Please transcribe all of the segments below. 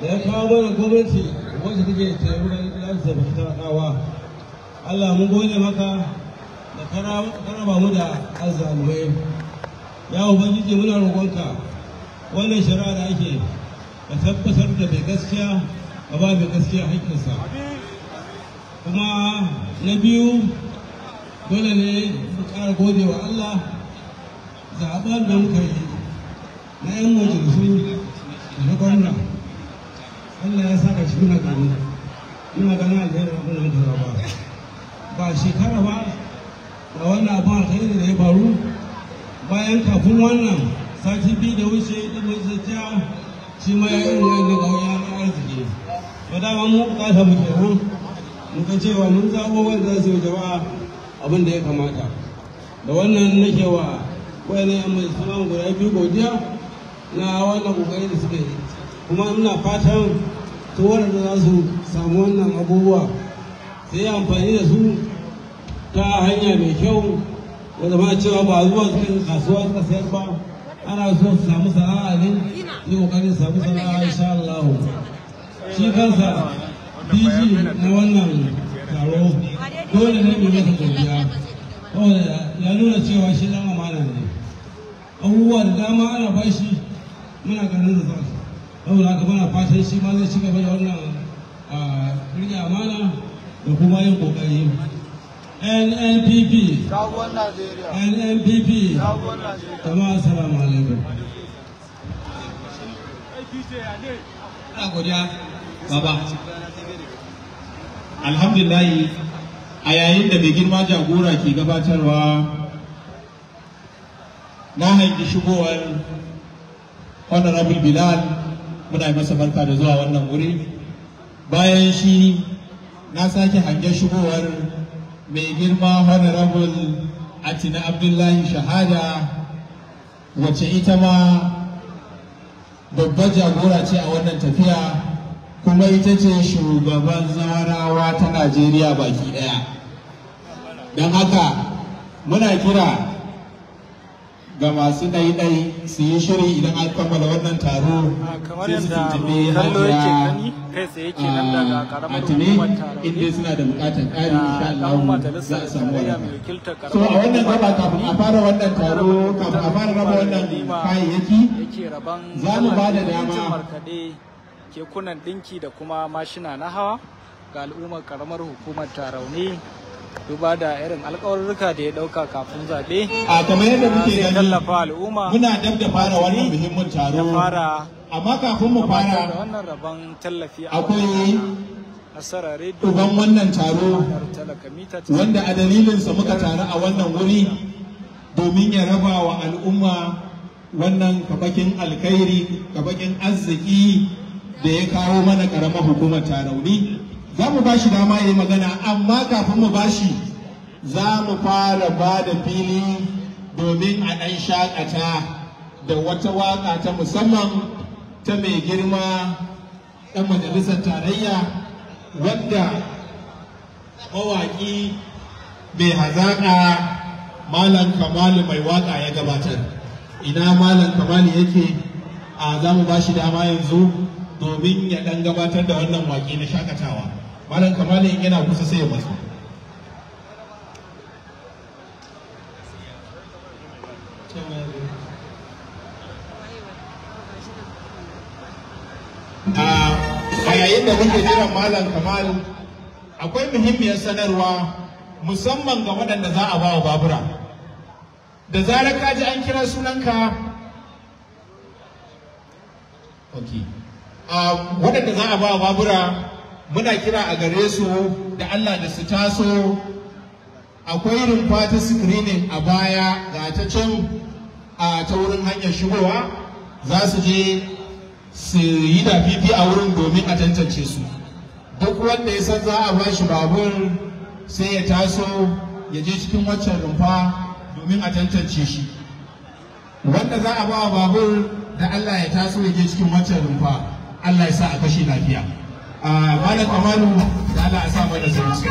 da ya kawo mana gwamnati wacce take taimakon lafiya da talakawa Allah mun gode maka da karaba mu da azzalumai ya ubangiji muna roƙonka wannan shari'a da ake ka tabbatar da bai gaskiya ka ba mai gaskiya haƙƙinsa kuma na biyu dole ne mu ƙara gode wa Allah zaɓen da muka yi na 'yan majalisun na gwamna Allah ya saka cikin na gani ina ganin alherin abin nan kaza ba ba shekara ba da wannan abin alheri da ya faru bayan kafin wannan sati biyu da wuce da majalisa shi ma ya yi wani da gawa ya na arziki ba da dama mu bukata mu kenan muka cewa mun zabo wanda za su yi jama'a abin da ya kamata da wannan nake wa wani yan mai suna guda biyu godiya na wannan kokari da suka yi kuma ina fatan to waɗanda za su samu wannan abubuwa sai amfani da su ta hanya mai kyau wanda zama cewa ba zuwa cikin kasuwa suka sayar ba ana so su samu sana'a ne yi kokari samu sana'a insha Allah shi kansa DG na wannan taro dole ne mu masa godiya ya nuna cewa shi dan amana ne abubuwa da dama ana bashi muna ganin da zarafi saboda haka muna fatan shi ma zai ci gaba da wannan rike amana da kuma yin kokari nnpp nnpp kama assalamu alaikum ana godiya baba alhamdulillahi a yayin da mai girma jagora ke gabatarwa na hanyar shigowar honorable bilal muna yi masa barka da zuwa wannan wuri bayan shi na sake hange shigowar mai girma honorable atina abdullahi shahada wace ita ma babbar jagora ce a wannan tafiya kuma ita ce shugaban zawarawa ta najeriya baki daya don haka muna kira ga masu ɗaiɗai su yi shiri idan an kammala wannan taro ah, su yadda kallo yake gani kai tsaye yake nan ah, inda suna da bukatar ƙari ah, insha Allah za a samu wannan so a wannan gaba kafin a fara wannan taro kafin a fara raba wannan kayayyaki za mu ba da dama kekunan ɗinki da kuma mashina na hawa ga al'ummar karamar hukumar tarauni duba da irin alkawarruka da ya dauka kafin zaɓe a kamar yadda kuke gani tallafa al'umma muna dab da fara wannan muhimmin taro amma kafin mu fara wannan rabon tallafi akwai wannan taro wanda a dalilinsa muka taru a wannan wuri domin ya raba wa al'umma wannan kabakin alkhairi kabakin arziki da ya kawo mana karamar hukumar tarauni za mu ba shi dama ya yi magana amma kafin mu ba shi za mu fara ba da fili domin a ɗan shakata da wata waka ta musamman ta mai girma ɗan majalisar tarayya wadda mawaƙi mai hazaƙa malam kamalu mai waƙa ya gabatar ina malam kamalu yake a za mu ba shi dama yanzu domin ya ɗan gabatar da wannan waƙi na shakatawa. malam kamalin yana kusa sai ya masu a yayin da muke jiran malam kamal akwai muhimmiyar sanarwa musamman ga waɗanda za a ba wa babura da zarar ka ji an kira sunanka waɗanda za a ba wa babura muna kira a gare su da Allah da su taso akwai rumfa ta screening a baya ga ta can a ta wurin hanyar shigowa za su je su yi da fifi a wurin domin a tantance su duk wanda ya san za a ba shi babur sai ya taso ya je cikin waccan rumfa domin a tantance shi wanda za a ba wa babur da Allah ya taso ya je cikin waccan rumfa Allah ya sa a kashe lafiya Ah, malam kamalu da Allah ya sa mana sauki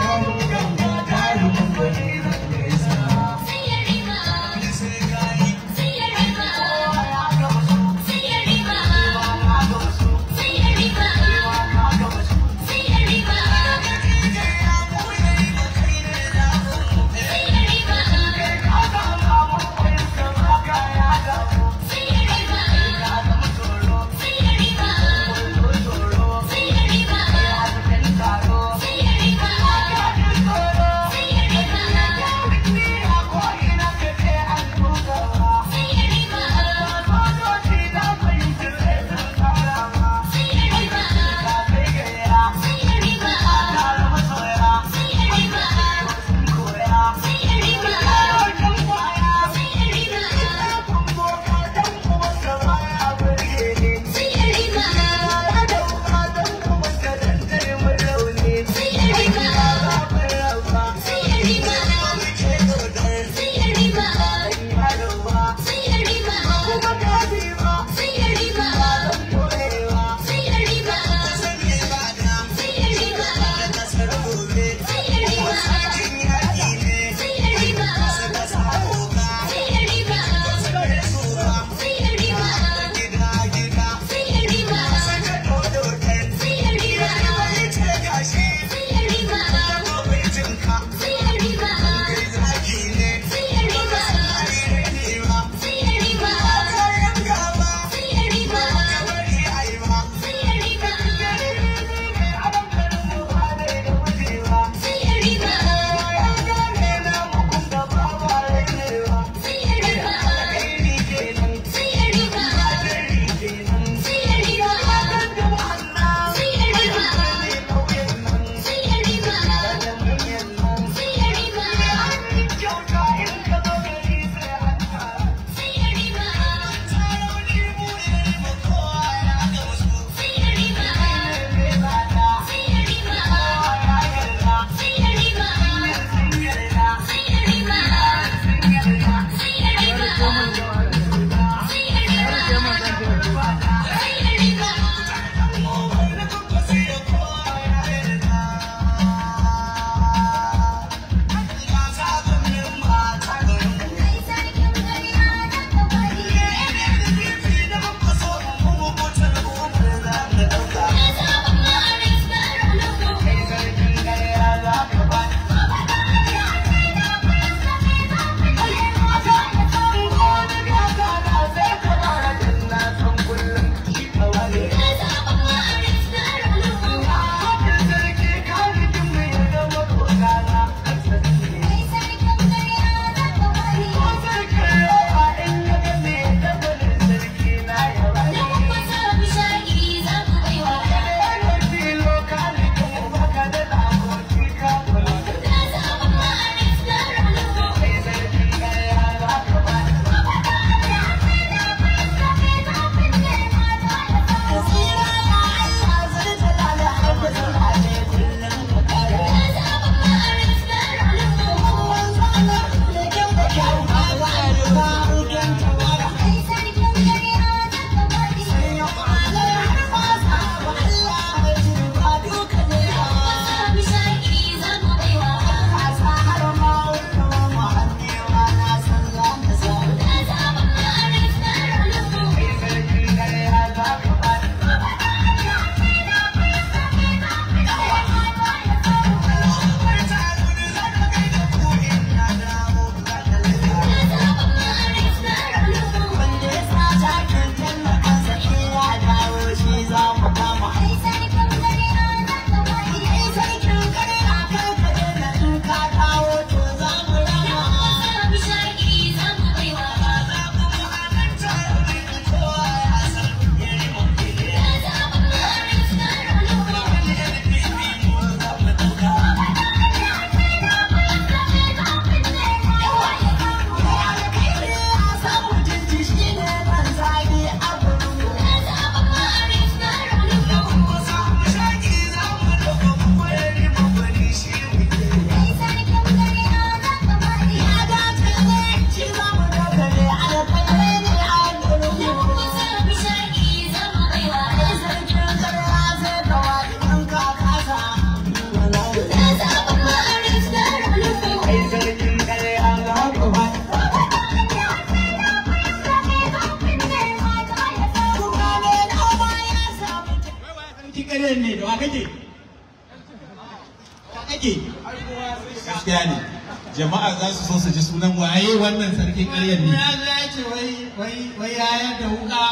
Jama'a za su so su ji sunan waye wannan sarkin ƙaryar ne. Ya za ya ce wai wai wai ya yadda wuka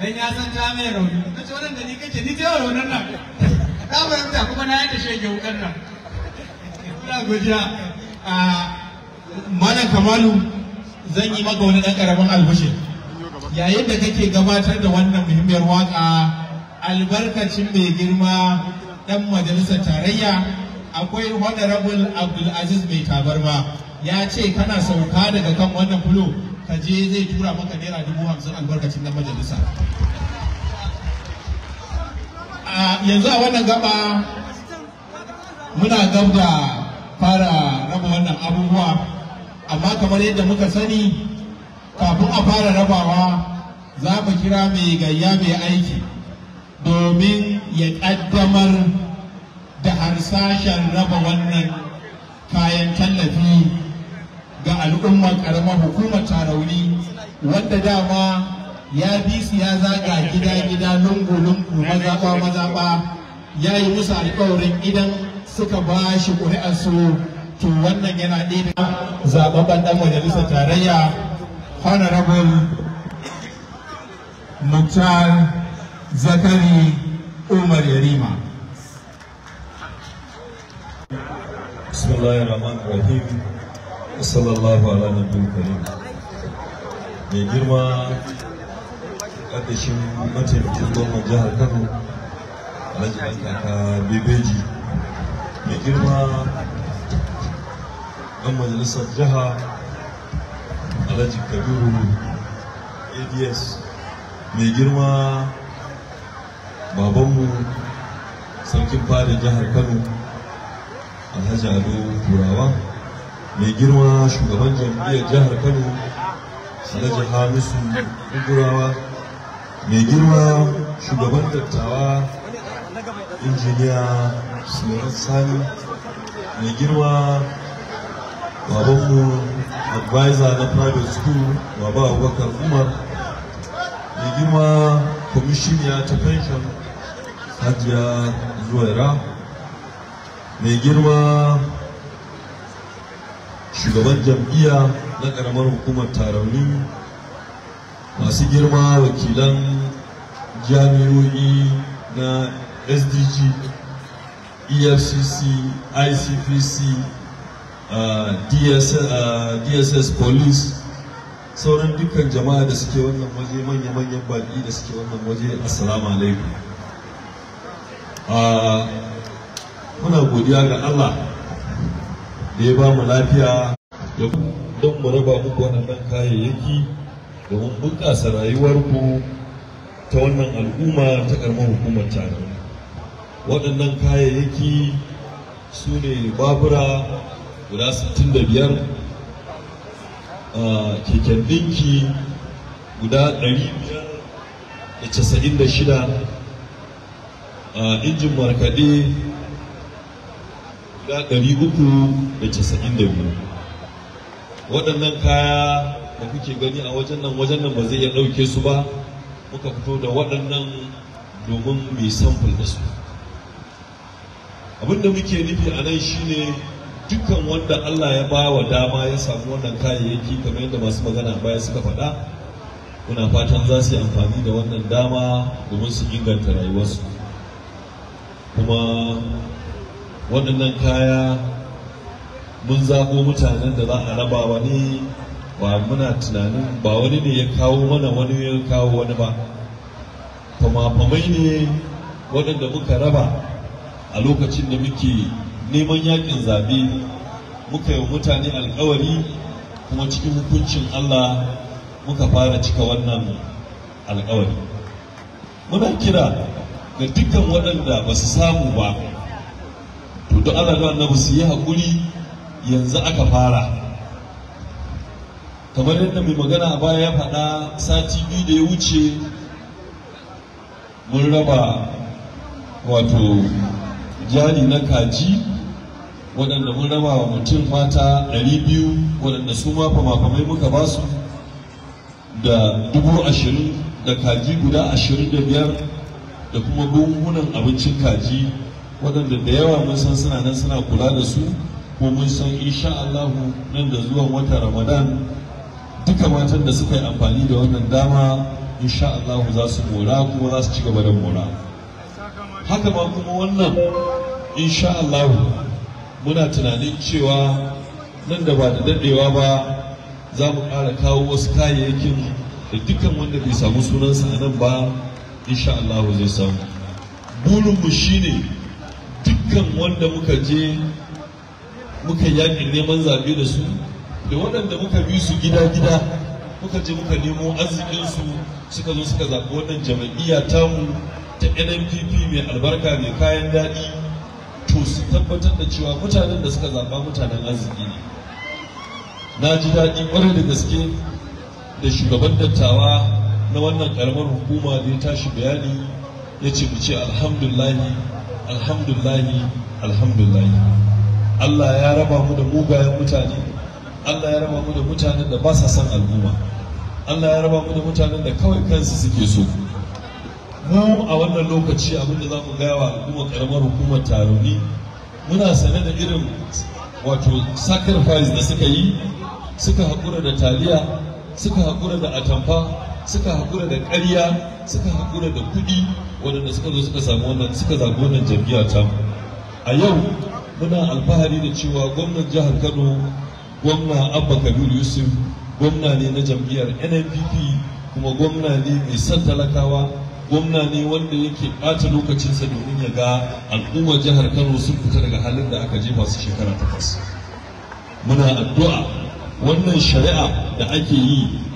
dan ya san ta mai rauni. Ka ce wannan da ni kake ni ta rauni nan. Ka ta kuma na yadda shege wukan nan. Ina godiya. Malam Kamalu zan yi maka wani ɗan ƙaramin albushin. Yayin da kake gabatar da wannan muhimmiyar waƙa albarkacin mai girma dan majalisar tarayya akwai honorable abdulaziz mai tabarma ya ce kana sauka daga kan wannan fulo ka je zai tura maka naira dubu hamsin albarkacin dan majalisa yanzu a wannan gaba muna gab da fara raba wannan abubuwa amma kamar yadda muka sani kafin a fara rabawa za mu kira mai gayya mai aiki domin ya ƙaddamar da harsashen raba wannan kayan tallafi ga al'ummar karamar hukumar tarauni wanda dama ya bi su ya zaga gida-gida lungu-lungu mazaɓa-mazaɓa ya yi musu alkawarin idan suka ba shi su to wannan yana ɗaya zaɓaɓɓen ɗan majalisar tarayya honorable Mukhtar zakari umar yarima bismillahir rahmanir rahim sallallahu ala nabiyil karim mai girma mataimakin gwamnan jihar kano alhaji kaka bebeji mai girma majalisar jiha alhaji kabiru ads mai girma babanmu sarkin fadin jihar kano alhaji ado turawa mai girma shugaban jam'iyyar jihar kano alhaji hamisu turawa mai girma shugaban dattawa injiniya surat sani mai girma babanmu advisor na private school baba abubakar umar mai girma kwamishiniya ta pension hajiya zuwaira mai girma shugaban jam'iyya na karamar hukumar tarauni masu girma wakilan jami'o'i na sdg efcc icpc uh, DSS, uh, dss police sauran dukkan jama'a da suke wannan waje manya-manyan baki da suke wannan waje assalamu alaikum muna godiya ga Allah da ya ba mu lafiya don mu raba muku waɗannan kayayyaki da mun bunƙasa rayuwarku ta wannan al'umma ta ƙaramar hukumar tare waɗannan kayayyaki su ne babura guda 65 keken ɗinki guda 596 injin markaɗe guda ɗari uku da casa'in da biyu waɗannan kaya da kuke gani a wajen nan wajen nan ba zai iya ɗauke su ba muka fito da waɗannan domin mai samfur da su abinda muke nufi a nan shine dukkan wanda Allah ya bawa dama ya samu wannan kayayyaki kamar yadda masu magana baya suka faɗa Kuna fatan za su yi amfani da wannan dama domin su inganta rayuwarsu kuma waɗannan kaya mun zago mutanen da za a rabawa ne ba muna tunanin ba wani ne ya kawo mana wani ya kawo wani ba famafamai ne waɗanda muka raba a lokacin da muke neman yakin zaɓe muka yi mutane alkawari kuma cikin hukuncin Allah muka fara cika wannan alkawari muna kira ga dukkan waɗanda ba su samu ba to don Allah da annabi su yi haƙuri yanzu aka fara kamar yadda mai magana a baya ya faɗa sati biyu da ya wuce mun raba wato jari na kaji waɗanda mun raba wa mutum fata ɗari biyu waɗanda su ma fama muka ba su da dubu ashirin da kaji guda ashirin da biyar da kuma buhunan abincin kaji waɗanda da yawa mun san suna nan suna kula da su ko mun san insha Allahu nan da zuwan wata Ramadan duka matan da suka yi amfani da wannan dama insha Allahu za su mora kuma za su ci gaba da mora haka ma kuma wannan insha Allahu muna tunanin cewa nan da ba da daɗewa ba za mu ƙara kawo wasu kayayyakin da dukkan wanda bai samu sunansa a nan ba insha Allah zai samu burinmu shine dukkan wanda muka je muka yaƙi neman zaɓe da su da waɗanda muka bi su gida-gida muka je muka nemo arzikinsu suka zo suka zaɓi wannan jam'iyya mu ta nnpp mai albarka mai kayan daɗi to su tabbatar da cewa mutanen da suka zaɓa mutanen arziki ne na ji daɗi ƙwarai da gaske da shugaban dattawa na wannan karamar hukuma da ya tashi bayani ya ce mu ce alhamdulahi alhamdulahi alhamdulahi Allah ya raba mu da mugayen mutane Allah ya raba mu da mutanen da ba sa son al'umma Allah ya raba mu da mutanen da kawai kansu suke so mu a wannan lokaci da za mu gaya wa al'ummar karamar hukumar taroni muna sane da irin wato sacrifice da suka yi suka haƙura da taliya suka haƙura da atamfa suka hakura da ƙarya suka haƙura da kuɗi waɗanda suka zo suka samu wannan suka zaɓi wannan jam'iyya ta a yau muna alfahari da cewa gwamnan jihar kano gwamna abba Kabir yusuf gwamna ne na jam'iyyar nnpp kuma gwamna ne mai son talakawa gwamna ne wanda yake ɓata lokacinsa domin ya ga al'ummar jihar kano sun fita daga halin da aka jefa su shekara takwas muna addu'a wannan shari'a da ake yi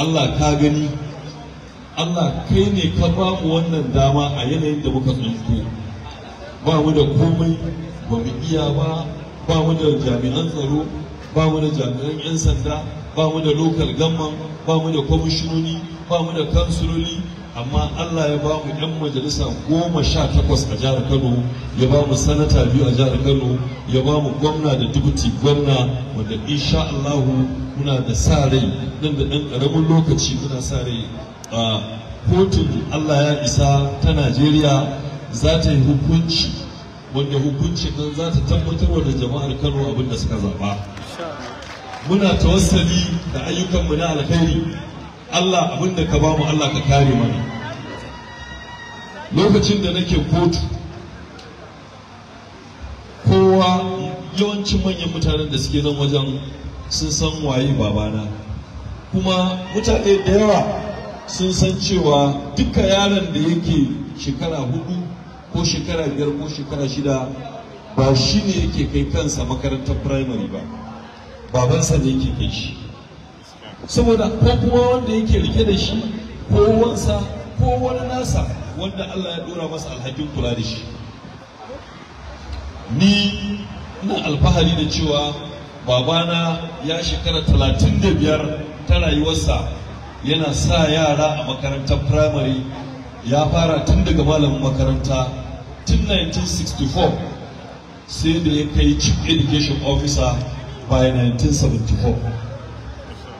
Allah ka gani Allah kai ne ka ba mu wannan dama a yanayin da muka tsinko ba mu da komai ba mu iya ba ba mu da jami'an tsaro ba mu da jami'an 'yan sanda ba mu da local gamman ba mu da kwamishinoni ba mu da kansuloli amma Allah ya ba mu ɗan majalisa goma sha takwas a jihar Kano ya ba mu sanata biyu a jihar Kano ya ba mu gwamna da dubuti gwamna wanda insha Allah muna da sa rai nan da ɗan ƙaramin lokaci muna sa rai a kotun Allah ya isa ta Najeriya za ta yi hukunci wanda hukunci nan za ta tabbatar da jama'ar Kano abin da suka zaɓa. Muna tawassali da ayyukanmu na alkhairi Allah abinda ka bamu Allah ka kare mana lokacin da nake kotu kowa yawancin manyan mutanen da suke nan wajen sun san waye babana kuma mutane da yawa sun san cewa duka yaron da yake shekara hudu ko shekara biyar ko shekara shida ba shi ne yake kai kansa makarantar firamare ba babansa ne yake kai shi saboda ko kuma wanda yake rike da shi ko wansa ko wani nasa wanda Allah ya dora masa alhakin kula da shi ni ina alfahari da cewa babana ya shekara talatin da biyar ta rayuwarsa yana sa yara a makarantar firamare ya fara tun daga malamin makaranta tun 1964 sai da ya kai chief education officer by 1974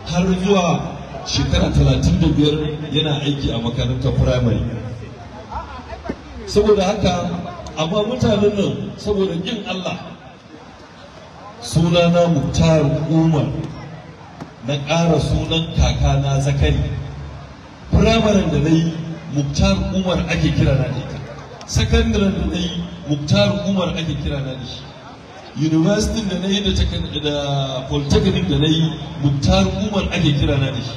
har zuwa shekara talatin da biyar yana aiki a makarantar firamare saboda haka amma mutanen nan saboda yin Allah sunana Muktar Umar na ƙara sunan kakana Zakari firamaren da na yi Muktar Umar ake kira na ita sakandaren da na yi Muktar Umar ake kira na da shi university da na yi da polytechnic da na yi muktar umar ake kira na da shi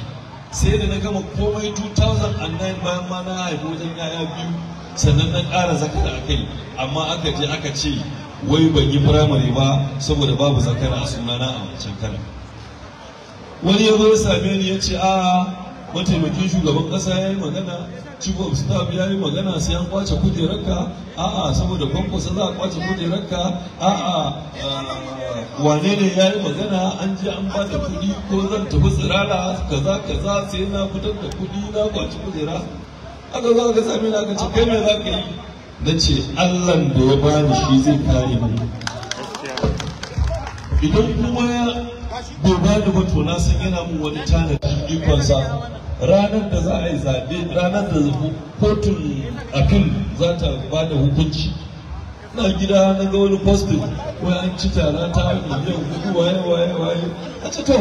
sai da na gama komai 2009 bayan ma na haifu wajen yaya biyu sannan na ƙara zakara a kai amma aka je aka ce wai ban yi firamare ba saboda babu zakara a sunana a wancan karan wani ya zo ya same ni ya ce a mataimakin shugaban ƙasa ya yi magana chief of staff ya yi magana sai an kwace kujerarka a'a saboda kwankwasa za a kwace kujerarka a'a eh, wane ne ya yi magana an je an ba da kuɗi ko zan tafi tsirara kaza kaza sai na fitar da kuɗi na kwace kujera aka zo aka sami na ka ce kai me za ka yi na ce allan da ya bani shi zai kare mu. idan kuma ya gobe da ba sun na san yana mun wani tanadi ikonsa ranar da za a yi zaɓe ranar da kotun afil za ta ba da hukunci na gida na ga wani postin wai an ci tara ta biyan hudu waye waye waye a ci to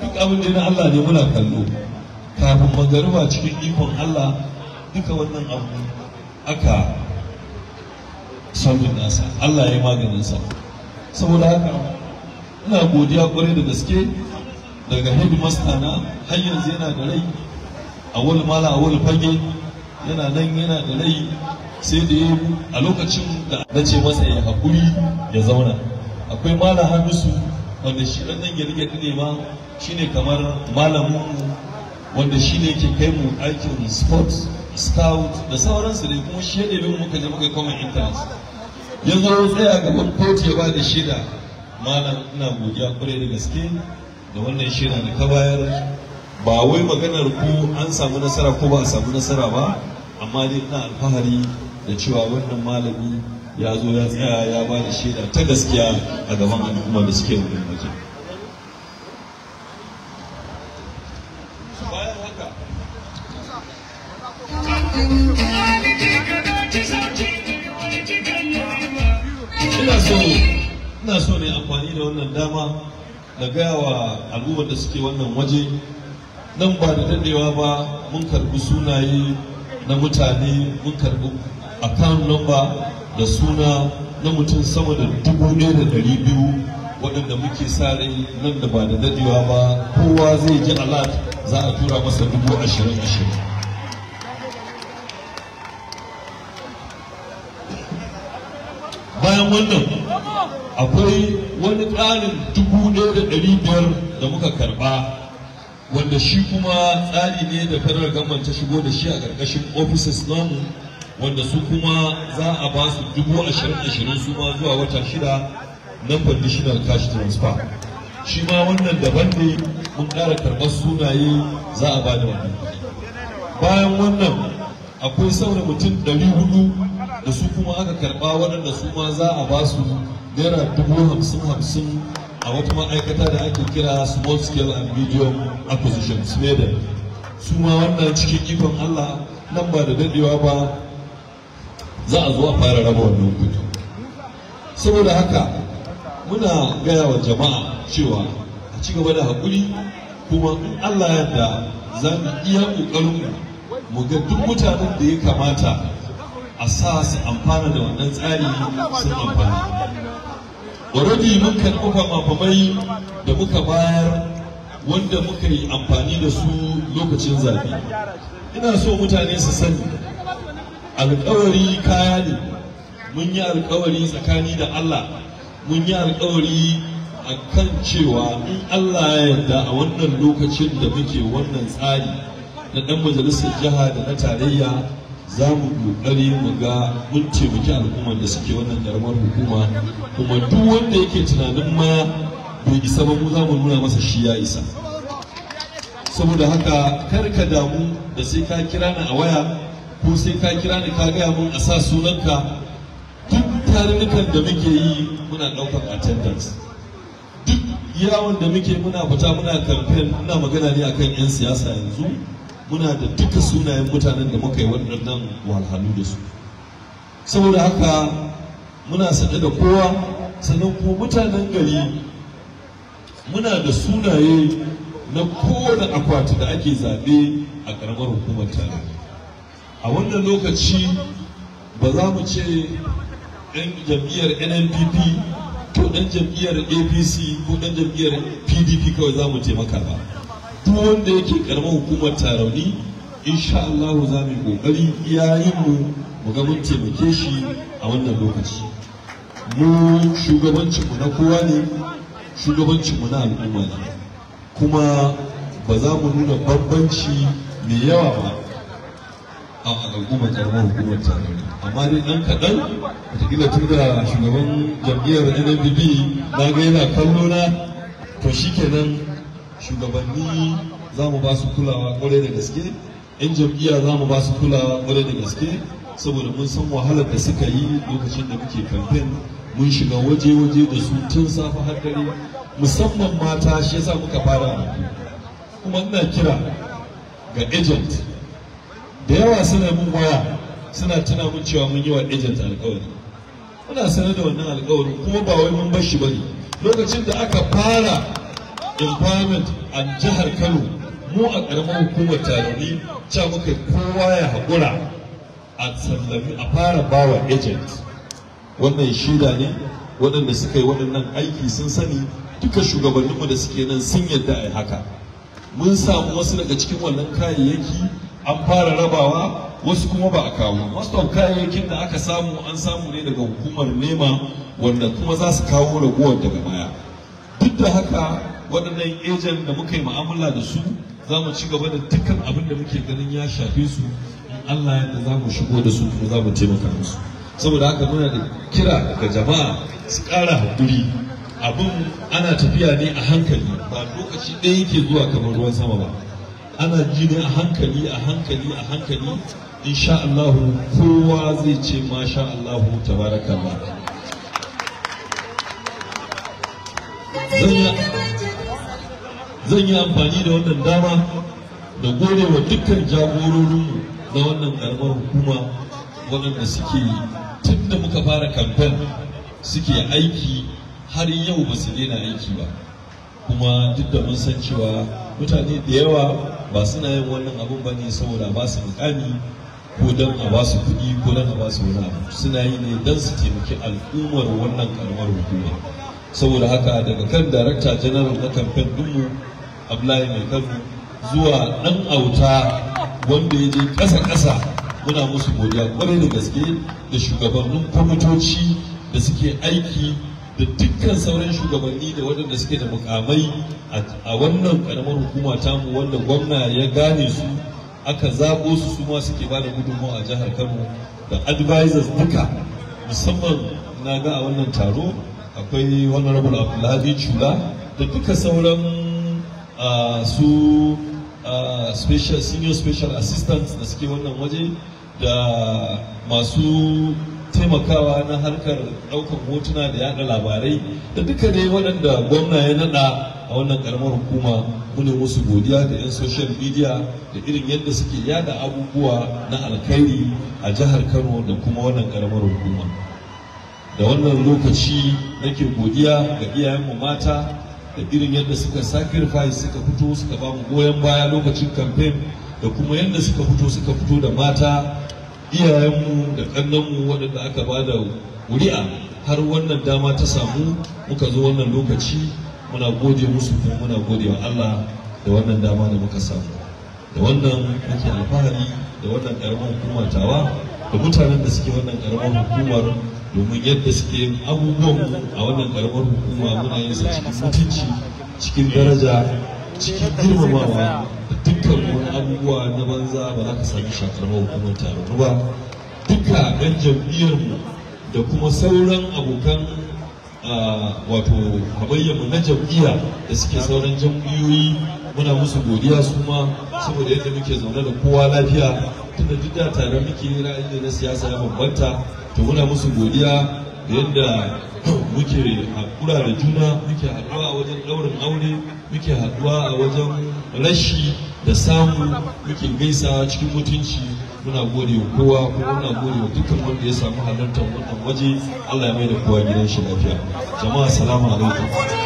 duk abin da na Allah ne muna kallo kafin magariba cikin ikon Allah duka wannan abu aka sauyin nasa Allah ya maganin sa saboda haka ina godiya kwarai da gaske daga headmaster na har yanzu yana da rai a wani mala a fage yana nan yana da rai sai da ya a lokacin da na ce masa ya haƙuri ya zauna akwai mala hamisu wanda shi ɗan nan gyargyar ne ma shine kamar malamin wanda shi ne yake kai mu aikin sports scout da sauransu ne kuma shi ne mu muka je muka koma internet ya zo tsaya gaban kotu ya ba da shida malam ina godiya kwarai da gaske da wannan shirin da ka bayar ba wai maganar ku an samu nasara ko ba a samu nasara ba amma dai ina alfahari da cewa wannan malami ya zo ya tsaya ya ba da shaida ta gaskiya a gaban al'umma da suke wurin waje ina so ne amfani da wannan dama na gaya wa al'ummar da suke wannan waje nan ba da dadewa ba mun karbi sunaye na mutane mun karbi account number da suna na mutum sama da dubu ɗaya da ɗari biyu waɗanda muke sa rai nan da ba da dadewa ba kowa zai ji alat za a tura masa dubu ashirin ashirin bayan wannan akwai wani ƙarin dubu ɗaya da ɗari biyar da muka karɓa wanda shi kuma tsari ne da federal government ta shigo da shi a ƙarƙashin offices namu wanda su kuma za a ba su dubu ashirin ashirin su ma zuwa wata shida na conditional cash transfer shi ma wannan daban ne mun ƙara karɓar sunaye za a ba da wannan bayan wannan akwai saura mutum ɗari hudu da su kuma aka karɓa waɗanda su ma za a ba su naira dubu hamsin hamsin a wata ma'aikata da ake kira small scale and medium acquisition sweden su ma wannan cikin ikon allah nan ba da dadewa ba za a zo a fara raba wannan kudi saboda haka muna gaya wa jama'a cewa a ci gaba da haƙuri kuma in allah yadda za mu iya ƙoƙarin mu ga duk mutanen da ya kamata a sa su amfana da wannan tsari sun amfana already mun kuka mafamai da muka bayar wanda muka yi amfani da su lokacin zafi ina so mutane su sani alkawari kaya ne mun yi alkawari tsakani da Allah mun yi alkawari a kan cewa in Allah ya yarda a wannan lokacin da muke wannan tsari na ɗan majalisar jiha da na tarayya za mu kokari mu ga mun taimaki al'ummar da suke wannan ƙaramar hukuma kuma duk wanda yake tunanin ma bai isa ba mu za mu nuna masa shi ya isa saboda haka kar ka damu da sai ka kira ni a waya ko sai ka kira ni ka gaya mun a sa sunanka duk tarurrukan da muke yi muna ɗaukar attendance duk yawon da muke muna fita muna kamfen muna magana ne akan 'yan siyasa yanzu muna da duka sunayen mutanen da muka yi waɗannan walhalu da su saboda haka muna sanar da kowa sannan ko mutanen gari muna da sunaye na kowane akwati da ake zaɓe a ƙaramar hukumar tare a wannan lokaci ba za mu ce ɗan jam'iyyar nnpp ko ɗan jam'iyyar apc ko ɗan jam'iyyar pdp kawai za mu maka ba duk wanda yake karamar hukumar tarauni insha Allah za mu yi kokari yayin mu mu ga mun taimake shi a wannan lokaci mu shugabancin mu na kowa ne shugabancin mu na al'umma ne kuma ba za mu nuna bambanci mai yawa ba a al'ummar karamar hukumar tarauni amma dai dan kaɗan wataƙila tun da shugaban jam'iyyar NNDB na ga yana kallo na to shikenan shugabanni za mu ba su kulawa kwarai da gaske 'yan jam'iyya za mu ba su kulawa kwarai da gaske saboda mun san wahalar da suka yi lokacin da muke kamfen mun shiga waje-waje da su tun safe har dare musamman mata shi yasa muka fara kuma ina kira ga agent da yawa suna mun waya suna tuna mun cewa mun yi wa agent alkawari muna sanar da wannan alƙawari. kuma ba wai mun bar shi bane lokacin da aka fara environment a jihar kano mu a ƙaramin hukumar tarihi ca muka kowa ya haƙura a sallami a fara bawa agent wannan shida ne waɗanda suka yi waɗannan aiki sun sani duka shugabanninmu da suke nan sun yadda a haka mun samu wasu daga cikin wannan kayayyaki an fara rabawa wasu kuma ba a kawo wasu kayayyakin da aka samu an samu ne daga hukumar nema wanda kuma za su kawo raguwar daga baya duk da haka waɗannan ejen da muka yi mu'amala da su za mu ci gaba da dukkan abin da muke ganin ya shafe su in Allah yadda za mu shigo da su kuma za mu taimaka musu saboda haka muna da kira ga jama'a su ƙara haƙuri abin ana tafiya ne a hankali ba lokaci ɗaya yake zuwa kamar ruwan sama ba ana ji ne a hankali a hankali a hankali insha Allah kowa zai ce masha Allah tabarakallah zan zan yi amfani da wannan dama da gode wa dukkan jagororinmu na wannan karamar hukuma waɗanda suke tun da muka fara kamfen suke aiki har yau ba su daina aiki ba kuma duk da mun san cewa mutane da yawa ba suna yin wannan abun ba ne saboda ba su mukami ko don a ba su kuɗi ko don a ba su wani abu suna yi ne don su taimaki al'ummar wannan karamar hukuma saboda haka daga kan darakta janaral na kamfen ɗinmu abdullahi mai kafu zuwa dan auta wanda ya je ƙasa ƙasa muna musu godiya kwarai da gaske da shugabannin kwamitoci da suke aiki da dukkan sauran shugabanni da waɗanda suke da mukamai a wannan karamar hukuma mu wanda gwamna ya gane su aka zaɓo su su ma suke ba da a jihar kano da advisors duka musamman na ga a wannan taro akwai da abdullahi chula da duka sauran Masu ah, special senior special assistants da suke wannan waje da masu taimakawa na harkar ɗaukar hotuna da yada labarai da duka dai waɗanda gwamna ya naɗa a wannan karamar hukuma ne musu godiya da 'yan social media da irin yadda suke yada abubuwa na alkhairi a jihar kano da kuma wannan karamar hukuma da wannan lokaci nake godiya ga iyayenmu mata da irin yadda suka sacrifice suka fito suka ba mu goyon baya lokacin campaign da kuma yadda suka fito suka fito da mata iyayenmu da kannanmu waɗanda aka ba da wuri'a har wannan dama ta samu muka zo wannan lokaci muna gode musu kuma muna gode wa Allah da wannan dama da muka samu da wannan muke alfahari da wannan karamar hukuma tawa da mutanen da suke wannan karamar hukumar domin yadda suke yin abubuwan a wannan karamar hukuma muna yin sa cikin mutunci cikin daraja cikin girmamawa dukkan wani abubuwa na banza ba za ka sami shakar hukumar taro ba duka ɗan jam'iyyarmu da kuma sauran abokan wato mu na jam'iyya da suke sauran jam'iyyoyi muna musu godiya su ma saboda yadda muke zaune da kowa lafiya tunda duk da tare muke ra'ayi na siyasa ya bambanta to muna musu godiya da yadda muke haƙura da juna muke haɗuwa a wajen ɗaurin aure muke haɗuwa a wajen rashi da samu muke gaisa cikin mutunci muna gode wa kowa kuma muna gode wa dukkan wanda ya samu halartar wannan waje Allah ya mai da kowa gidan shi lafiya jama'a salamu alaikum